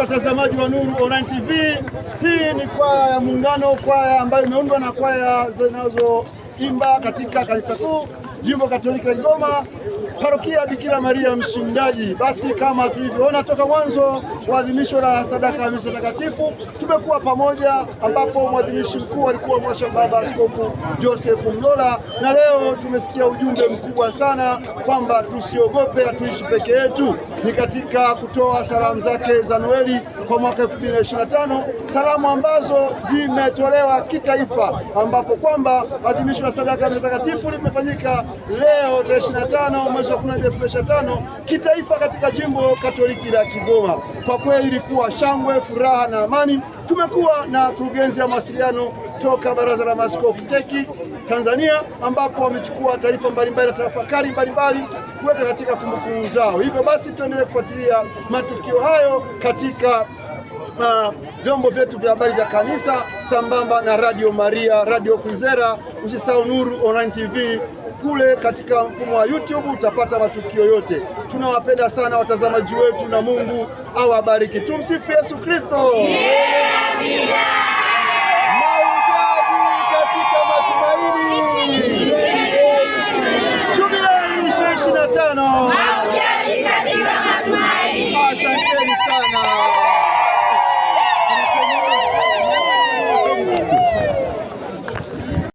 wapenzi watazamaji wa Nuru Online TV, hii ni kwaya ya Muungano, kwaya ambayo imeundwa na kwaya zinazoimba katika kanisa kuu Jimbo Katoliki la Kigoma Parokia Bikira Maria Mshindaji. Basi kama tulivyoona toka mwanzo wa adhimisho la sadaka ya misa takatifu, tumekuwa pamoja, ambapo mwadhimishi mkuu alikuwa Mwasha Baba Askofu Joseph Mlola, na leo tumesikia ujumbe mkubwa sana kwamba tusiogope, hatuishi peke yetu. Ni katika kutoa salamu zake za Noeli kwa mwaka 2025 salamu ambazo zimetolewa kitaifa, ambapo kwamba adhimisho la sadaka ya misa takatifu limefanyika leo tarehe 25 kesho kuna Depresha tano kitaifa katika jimbo Katoliki la Kigoma. Kwa kweli ilikuwa shangwe, furaha na amani. Tumekuwa na kurugenzi ya mawasiliano toka Baraza la Maaskofu TEKI Tanzania, ambapo wamechukua taarifa mbalimbali na tafakari mbalimbali kuweka katika kumbukumbu zao. Hivyo basi tuendelee kufuatilia matukio hayo katika ah, vyombo uh, vyetu vya habari vya kanisa sambamba na Radio Maria, Radio Kwizera, usisahau Nuru Online TV kule katika mfumo wa YouTube utapata matukio yote. Tunawapenda sana watazamaji wetu na Mungu awabariki. Tumsifu Yesu Kristo. Yeah!